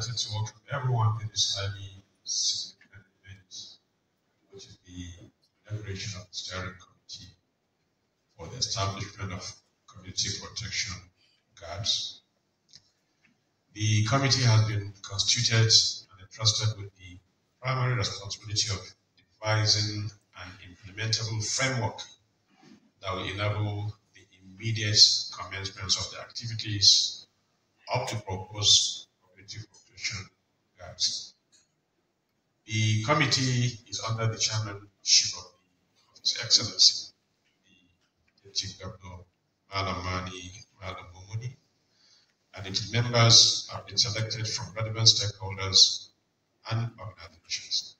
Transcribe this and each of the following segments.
To to with everyone in this study significant event, which is the inauguration of the steering committee for the establishment of community protection guards. The committee has been constituted and entrusted with the primary responsibility of devising an implementable framework that will enable the immediate commencement of the activities up to proposed community should The committee is under the chairmanship of, the, of His Excellency, the Deputy Governor Malamani Malamumuni, and its members have been selected from relevant stakeholders and organizations.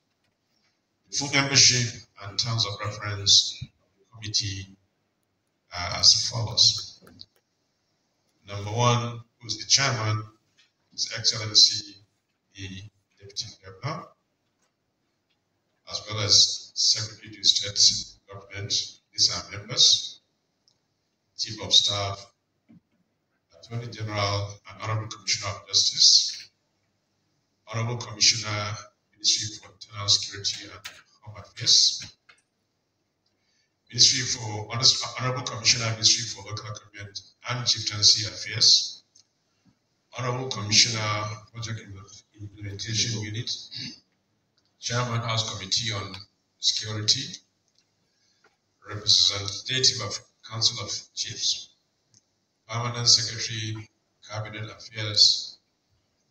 The full membership and terms of reference of the committee are as follows. Number one, who is the chairman his Excellency the Deputy Governor, as well as Secretary to State Government, these are members, Chief of Staff, Attorney General and Honorable Commissioner of Justice, Honorable Commissioner, Ministry for Internal Security and Home Affairs, Ministry for Honorable Commissioner, Ministry for Local Government and Chieftaincy Affairs, Honorable Commissioner, Project Implementation Unit, Chairman House Committee on Security, Representative of Council of Chiefs, Permanent Secretary, Cabinet Affairs,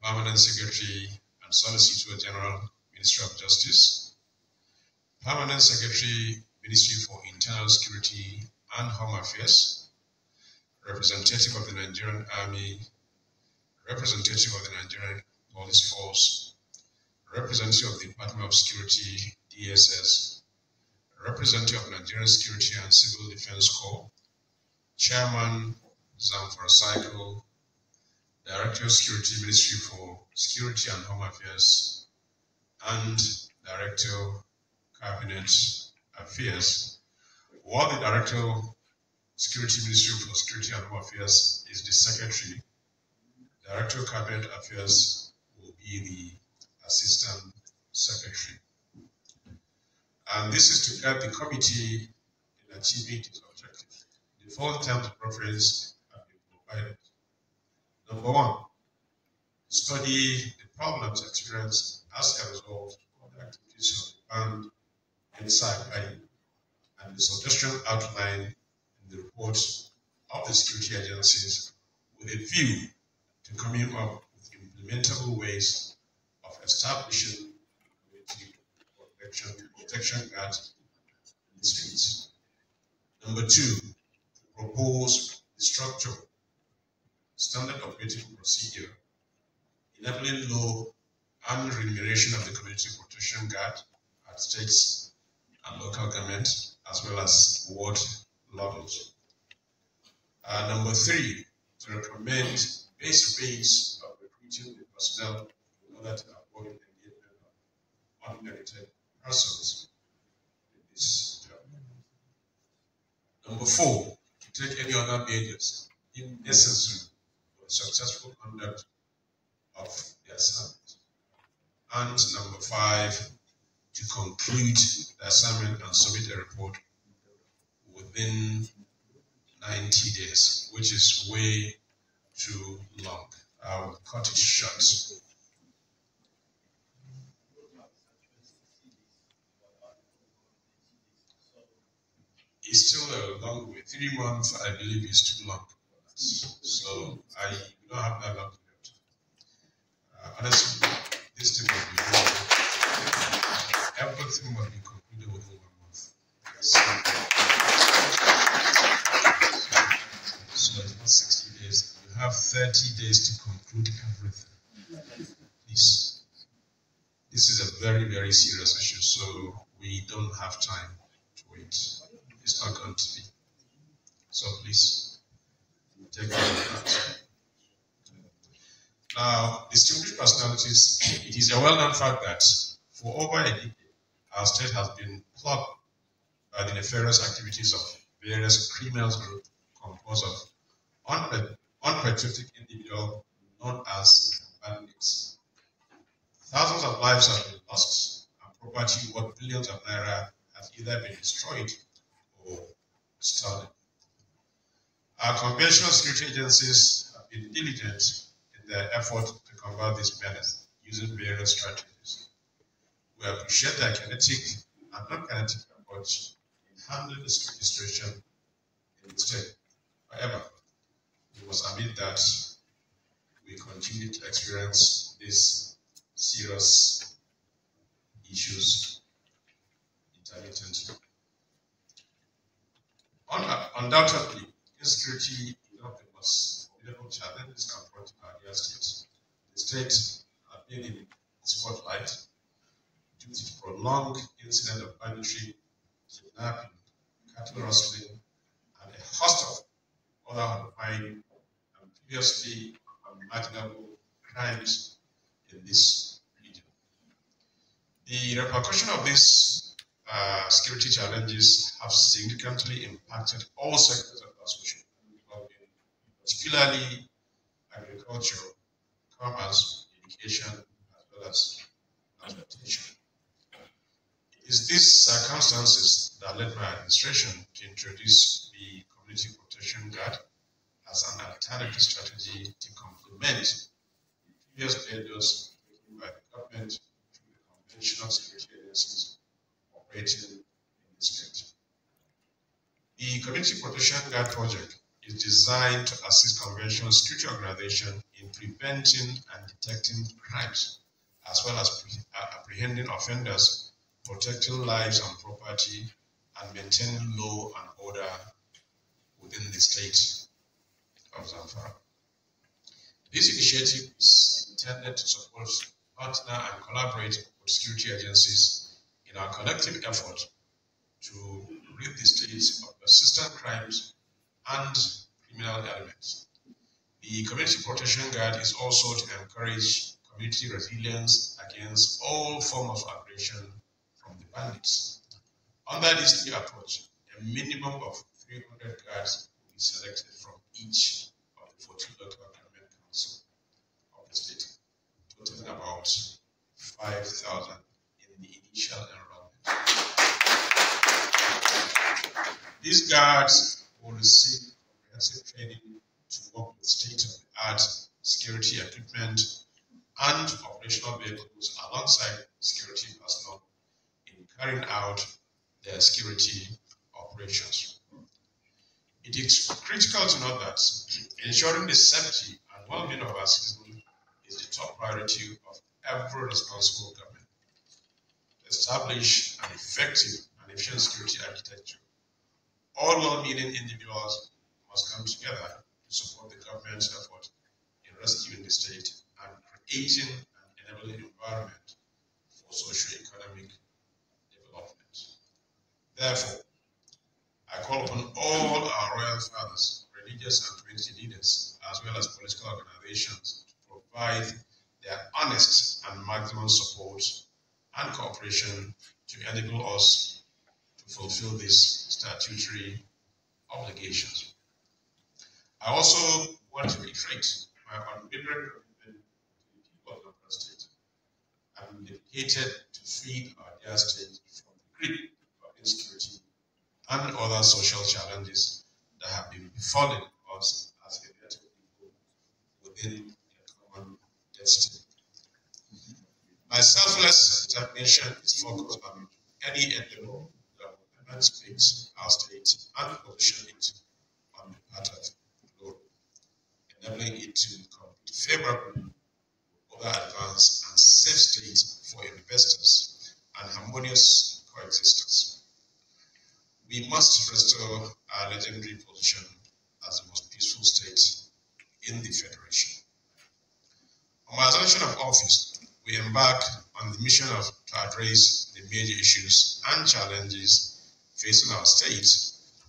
Permanent Secretary and Solicitor General, Ministry of Justice, Permanent Secretary, Ministry for Internal Security and Home Affairs, Representative of the Nigerian Army, representative of the Nigerian Police Force, representative of the Department of Security, DSS, representative of Nigerian Security and Civil Defense Corps, chairman, Zamfara Cycle, director of Security Ministry for Security and Home Affairs, and director Cabinet Affairs, while the director of Security Ministry for Security and Home Affairs is the secretary Director of Cabinet Affairs will be the Assistant Secretary. And this is to help the committee in achieving its objective. The four terms of reference have been provided. Number one, study the problems experienced as a result of the activities of the band inside and the suggestion outlined in the reports of the security agencies with a view to coming up with implementable ways of establishing community protection, protection guards in the streets. Number two, to propose the structure, standard operating procedure, enabling law and remuneration of the community protection guard at states and local governments, as well as ward levels. Uh, number three, to recommend base range of recruiting the personnel in order to avoid engagement of uh, unrelated persons in this job. Number four, to take any other measures if necessary for the successful conduct of the assignment. And number five, to conclude the assignment and submit a report within 90 days, which is way too long. I will cut it short. It's still a long way. Three months, I believe, is too long. So I don't have that long period. Uh, honestly, this thing will be over. Everything will be completed within one month. So, so it's not 60 days have 30 days to conclude everything. Please. This is a very, very serious issue, so we don't have time to wait. It's not going to be. So please, take care of that. Now, distinguished personalities, it is a well-known fact that for over a decade, our state has been plugged by the nefarious activities of various criminal groups composed of unpatriotic individual known as bandits. Thousands of lives have been lost, and property worth billions of naira has either been destroyed or stolen. Our conventional security agencies have been diligent in their effort to combat this menace using various strategies. We appreciate their kinetic and non-kinetic approach in handling this situation in the state. However, it was amid that we continued to experience these serious issues intermittently. Undoubtedly, insecurity is not the most formidable challenges confronting our dear state. The states have been in the spotlight due to prolonged incident of banditry, kidnapping, cattle rustling, and a host of other horrifying previously unimaginable crimes in this region. The repercussion of these uh, security challenges have significantly impacted all sectors of our social development, particularly agriculture, commerce, education, as well as transportation. It is these circumstances that led my administration to introduce the Community Protection Guard as an alternative strategy to complement previous measures taken by the government through the conventional security agencies operating in the state. The Community Protection Guard project is designed to assist conventional security organizations in preventing and detecting crimes, as well as uh, apprehending offenders, protecting lives and property, and maintaining law and order within the state of Zamfara. This initiative is intended to support, partner, and collaborate with security agencies in our collective effort to rid the state of persistent crimes and criminal elements. The Community Protection Guard is also to encourage community resilience against all forms of aggression from the bandits. Under this new approach, a minimum of 300 guards be selected from each of the 14 local government councils of the state, totaling about 5,000 in the initial enrollment. These guards will receive comprehensive training to work with state-of-the-art security equipment and operational vehicles alongside security personnel in carrying out their security operations. It is critical to note that ensuring the safety and well-being of our citizens is the top priority of every responsible government. To establish an effective and efficient security architecture, all well-meaning individuals must come together to support the government's effort in rescuing the state and creating an enabling environment for socio-economic development. Therefore, I call upon all our royal fathers, religious and community leaders, as well as political organizations to provide their honest and maximum support and cooperation to enable us to fulfill these statutory obligations. I also want to reiterate my unwavering commitment to the people of Lagos State. I'm dedicated to feed our dear state from the grip of insecurity and other social challenges that have been befallen us as a people within a common destiny. My selfless determination is focused on any endeavor that will emancipate our state and position it on the path of glory, enabling it to compete favorably with other advanced and safe states for investors and harmonious coexistence we must restore our legendary position as the most peaceful state in the Federation. On my assumption of office, we embark on the mission of to address the major issues and challenges facing our state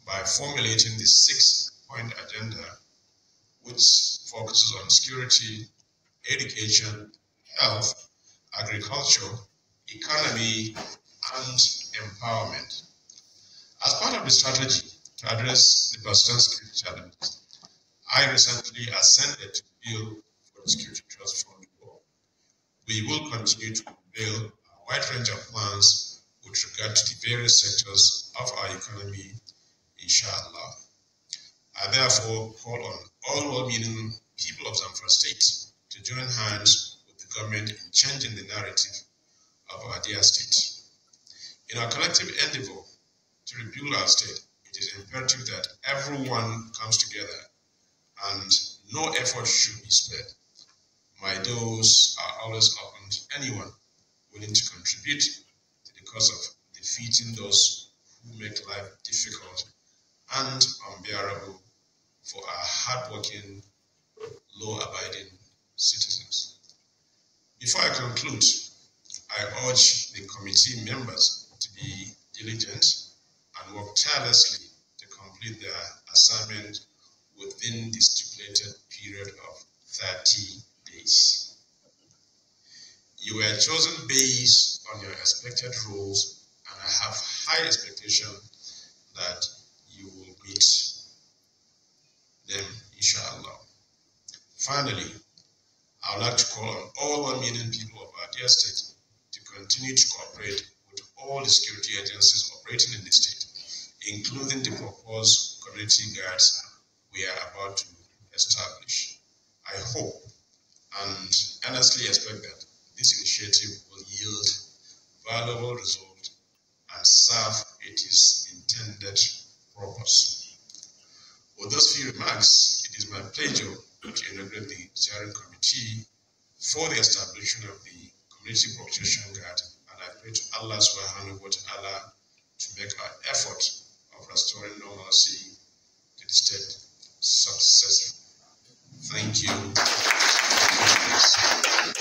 by formulating the six-point agenda, which focuses on security, education, health, agriculture, economy, and empowerment. As part of the strategy to address the Boston security challenges, I recently ascended to Bill for the Security Trust Fund Board. We will continue to unveil a wide range of plans with regard to the various sectors of our economy, inshallah. I therefore call on all well-meaning people of Zamfara State to join hands with the government in changing the narrative of our dear state. In our collective endeavor to rebuild our state, it is imperative that everyone comes together and no effort should be spared. My doors are always open to anyone willing to contribute to the cause of defeating those who make life difficult and unbearable for our hardworking, law-abiding citizens. Before I conclude, I urge the committee members to be diligent and work tirelessly to complete their assignment within the stipulated period of 30 days. You were chosen based on your expected roles, and I have high expectation that you will meet them, inshallah. Finally, I would like to call on all 1 million people of our dear state to continue to cooperate with all the security agencies operating in the state including the proposed community guards we are about to establish. I hope and honestly expect that this initiative will yield valuable results and serve its intended purpose. With those few remarks, it is my pleasure to inaugurate the steering committee for the establishment of the Community Protection Guard, and I pray to Allah subhanahu wa ta'ala to make our effort of restoring normalcy to the state successfully. Thank you.